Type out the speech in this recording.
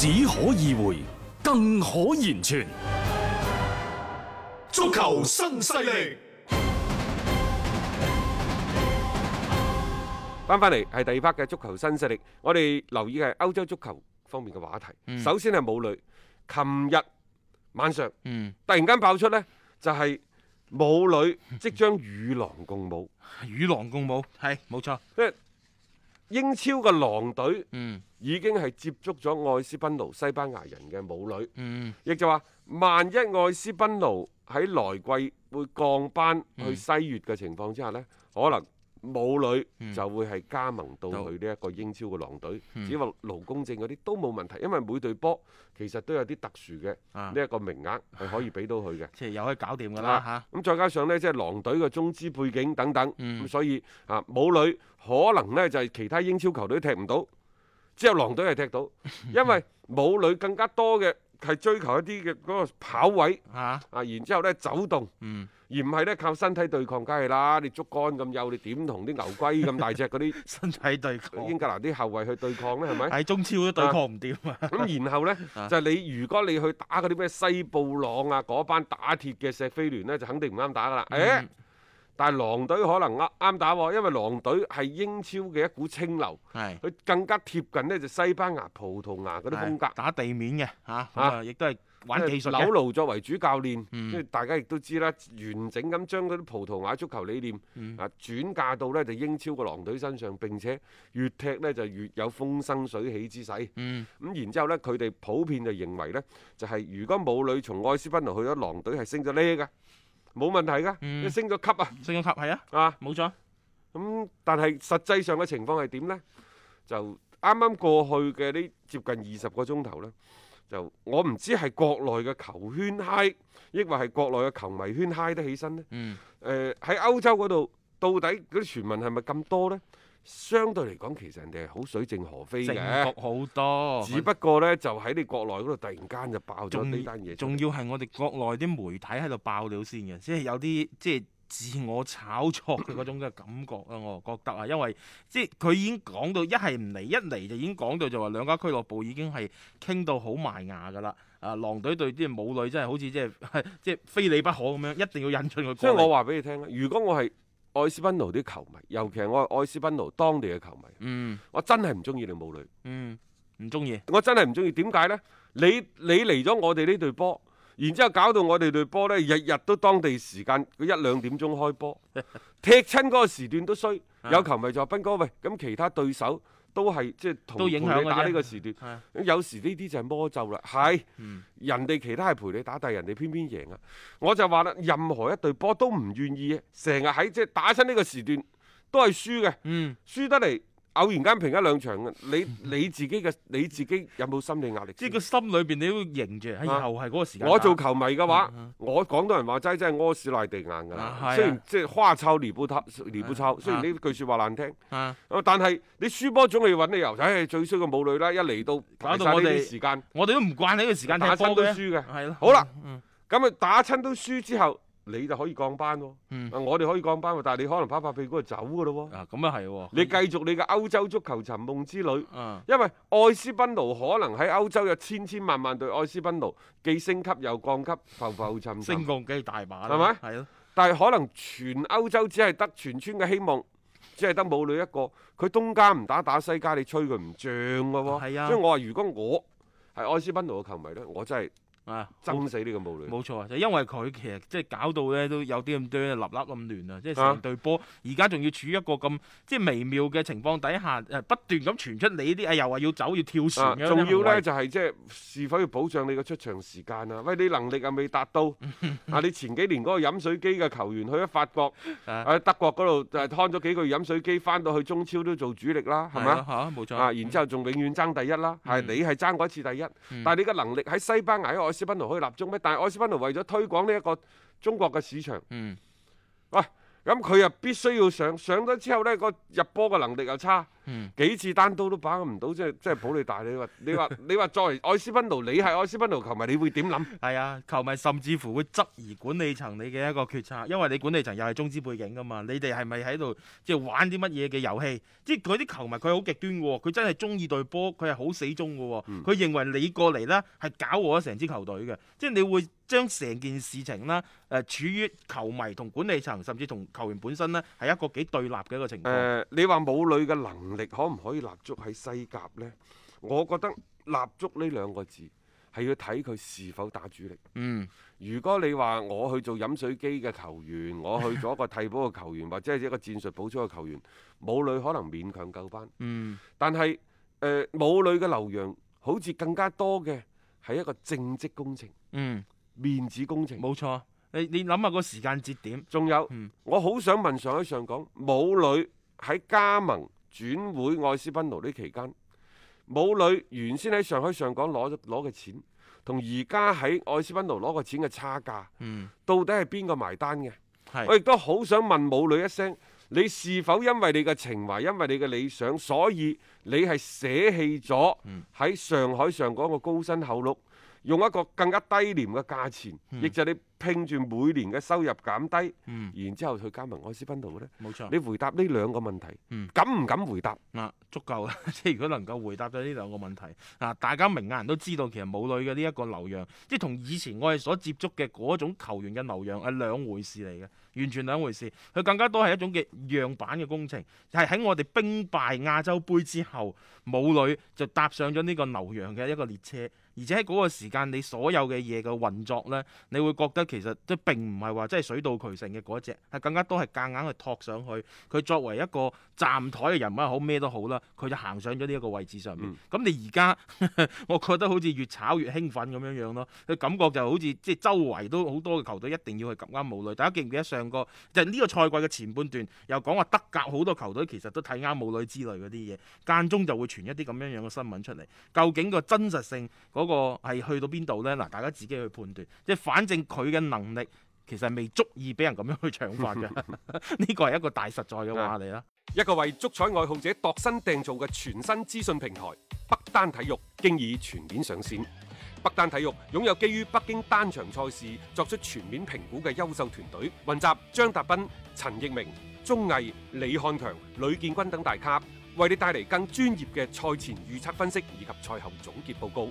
只可意會，更可言傳。足球新勢力，返返嚟，係第二 part 嘅足球新勢力。我哋留意嘅係歐洲足球方面嘅話題。嗯、首先係武磊，琴日晚上、嗯、突然間爆出呢，就係武磊即將與狼共舞。 與狼共舞，係冇錯。 英超嘅狼隊、嗯、已經係接觸咗愛斯賓奴西班牙人嘅母女，亦、嗯、就話萬一愛斯賓奴喺來季會降班去西乙嘅情況之下咧，可能。武磊就會係加盟到佢呢一個英超嘅狼隊，嗯、只話勞工證嗰啲都冇問題，因為每隊波其實都有啲特殊嘅呢一個名額係可以俾到佢嘅，即係又可以搞掂㗎啦。咁、啊啊啊啊、再加上呢，即、就、係、是、狼隊嘅中資背景等等，咁、嗯、所以啊武磊可能呢，就係、是、其他英超球隊踢唔到，之後狼隊係踢到，因為武磊更加多嘅係追求一啲嘅嗰個跑位、嗯嗯、啊，啊然之後呢走動。嗯而唔係咧，靠身體對抗，梗係啦！你竹竿咁幼，你點同啲牛龜咁大隻嗰啲身體對抗？英格蘭啲後衛去對抗呢？係咪？喺中超都對抗唔掂啊！咁然後呢， 就係你，如果你去打嗰啲咩西布朗啊，嗰班打鐵嘅石飛聯呢，就肯定唔啱打噶啦。誒、欸，嗯、但係狼隊可能啱啱打，因為狼隊係英超嘅一股清流，佢是更加貼近呢就西班牙、葡萄牙嗰啲風格，打地面嘅嚇亦都係。啊啊玩技術嘅，柳盧作為主教練，跟、嗯、大家亦都知啦，完整咁將嗰啲葡萄牙足球理念、嗯、啊轉嫁到呢，就英超嘅狼隊身上，並且越踢呢就越有風生水起之勢。咁、嗯、然之後呢，佢哋普遍就認為呢，就係、是、如果武磊從愛斯賓奴去咗狼隊，係升咗呢嘅，冇問題噶，嗯、升咗級啊，升咗級係啊，冇錯錯。咁、嗯、但係實際上嘅情況係點呢？就啱啱過去嘅呢接近二十個鐘頭啦。就我唔知係國內嘅球圈嗨，抑或係國內嘅球迷圈嗨得起身呢？嗯、呃。喺歐洲嗰度，到底嗰啲傳聞係咪咁多呢？相對嚟講，其實人哋係好水靜河飛嘅。正好多。只不過呢，就喺你國內嗰度突然間就爆咗呢單嘢。仲要係我哋國內啲媒體喺度爆料先嘅，即係有啲即係。自我炒作嘅嗰種嘅感覺啊， 我覺得啊，因為即係佢已經講到一係唔嚟，一嚟就已經講到就話兩家俱樂部已經係傾到好埋牙噶啦。啊、呃，狼隊對啲武磊真係好似即係即係非你不可咁樣，一定要引進佢。即係我話俾你聽，如果我係愛斯賓奴啲球迷，尤其係我係愛斯賓奴當地嘅球迷，嗯，我真係唔中意你武磊，嗯，唔中意，我真係唔中意。點解呢？你你嚟咗我哋呢隊波？然之後搞到我哋隊波呢，日日都當地時間嗰一兩點鐘開波，踢親嗰個時段都衰。 有球迷就話： 斌哥，喂，咁其他對手都係即係同陪你打呢個時段。咁 有時呢啲就係魔咒啦。係，嗯、人哋其他係陪你打，但係人哋偏偏贏啊！我就話啦，任何一隊波都唔願意，成日喺即係打親呢個時段都係輸嘅。嗯，輸得嚟。偶然間平一兩場，你你自己嘅你自己有冇心理壓力？即係個心裏邊你都認住，以後係嗰個時間、啊、我做球迷嘅話，嗯嗯、我廣東人話齋真係屙屎賴地硬㗎啦。啊啊、雖然即係花臭尼布塔尼布臭，啊、雖然呢句説話難聽，啊，啊但係你輸波總係揾啲理由。唉、哎，最衰嘅母女啦，一嚟到攪到我哋時間，我哋都唔慣你個時間打波嘅。係咯、嗯，嗯嗯、好啦，咁啊打親都輸之後。你就可以降班喎、哦，嗯、我哋可以降班喎、哦，但係你可能拍拍屁股就走㗎咯喎，咁啊係喎，啊、你繼續你嘅歐洲足球尋夢之旅，嗯、因為愛斯賓奴可能喺歐洲有千千萬萬對愛斯賓奴既升級又降級，浮浮沉升降機大把，係咪吧？啊、但係可能全歐洲只係得全村嘅希望，只係得武磊一個，佢東家唔打打西家你，哦，你吹佢唔漲㗎喎，係、啊、所以我話如果我係愛斯賓奴嘅球迷呢，我真係。爭啊！崩死呢個無理！冇錯啊，就因為佢其實即係搞到咧都有啲咁多啦，立立咁亂啊。即係成隊波。而家仲要處於一個咁即係微妙嘅情況底下，誒不斷咁傳出你啲啊、哎，又話要走要跳船咁仲、啊、要咧就係、是、即係是否要保障你嘅出場時間啊？喂，你能力又未達到啊？你前幾年嗰個飲水機嘅球員，去咗法國、誒、啊啊、德國嗰度，就係睇咗幾個月飲水機，翻到去中超都做主力啦，係咪？冇、啊、錯。啊，然之後仲永遠爭第一啦，係、嗯嗯、你係爭過一次第一，嗯、但係你嘅能力喺西班牙、斯賓奴可以立中咩？但係愛斯賓奴為咗推廣呢一個中國嘅市場，喂、嗯，咁佢又必須要上，上咗之後呢，個入波嘅能力又差。嗯，幾次單刀都把握唔到，即係即係普利大，你話你話你話作為愛斯賓奴，你係愛斯賓奴球迷，你會點諗？係啊，球迷甚至乎會質疑管理層你嘅一個決策，因為你管理層又係中資背景噶嘛，你哋係咪喺度即係玩啲乜嘢嘅遊戲？即係嗰啲球迷佢係好極端喎，佢真係中意隊波，佢係好死忠嘅喎，佢、嗯、認為你過嚟呢係搞我成支球隊嘅，即係你會將成件事情呢，誒、呃、處於球迷同管理層，甚至同球員本身呢，係一個幾對立嘅一個情況。嗯、你話武磊嘅能力。力可唔可以立足喺西甲呢？我覺得立足呢兩個字係要睇佢是否打主力。嗯，如果你話我去做飲水機嘅球員，我去咗一個替補嘅球員， 或者係一個戰術補充嘅球員，武磊可能勉強救班。嗯，但係誒武磊嘅留洋好似更加多嘅係一個政績工程。嗯，面子工程。冇錯，你你諗下個時間節點。仲、嗯、有，我好想問上海上港，武磊喺加盟，轉會愛斯賓奴呢期間，武磊原先喺上海上港攞咗攞嘅錢，同而家喺愛斯賓奴攞個錢嘅差價，嗯、到底係邊個埋單嘅？是我亦都好想問武磊一聲，你是否因為你嘅情懷，因為你嘅理想，所以你係捨棄咗喺上海上港嘅高薪厚祿？嗯嗯用一個更加低廉嘅價錢，亦、嗯、就係你拼住每年嘅收入減低，嗯、然之後去加盟愛斯賓度嘅咧，冇錯，你回答呢兩個問題敢唔敢回答啊？足夠喇，即係如果能夠回答到呢兩個問題，啊、嗯，大家明眼人都知道，其實武磊嘅呢一個留洋，即係同以前我哋所接觸嘅嗰種球員嘅留洋係兩回事嚟嘅，完全兩回事。佢更加多係一種嘅樣板嘅工程，係喺我哋兵敗亞洲杯之後，武磊就搭上咗呢個留洋嘅一個列車。而且喺嗰個時間，你所有嘅嘢嘅運作咧，你會覺得其實即並唔係話真係水到渠成嘅嗰隻，係更加多係夾硬去托上去。佢作為一個站台嘅人物好咩都好啦，佢就行上咗呢一個位置上面。咁、嗯、你而家我覺得好似越炒越興奮咁樣樣咯，佢感覺就好似即係周圍都好多嘅球隊一定要去撳啱武磊，大家記唔記得上、就是、個就呢個賽季嘅前半段，又講話德甲好多球隊其實都睇啱武磊之類嗰啲嘢，間中就會傳一啲咁樣樣嘅新聞出嚟，究竟個真實性個係去到邊度呢？嗱，大家自己去判斷，即係反正佢嘅能力其實未足以俾人咁樣去搶返嘅。呢個係一個大實在嘅話嚟啦。的吧一個為足彩愛好者度身訂造嘅全新資訊平台北單體育，經已全面上線。北單體育擁有基於北京單場賽事作出全面評估嘅優秀團隊，雲集張達斌、陳奕明、鍾毅、李漢強、呂建軍等大咖，為你帶嚟更專業嘅賽前預測分析以及賽後總結報告。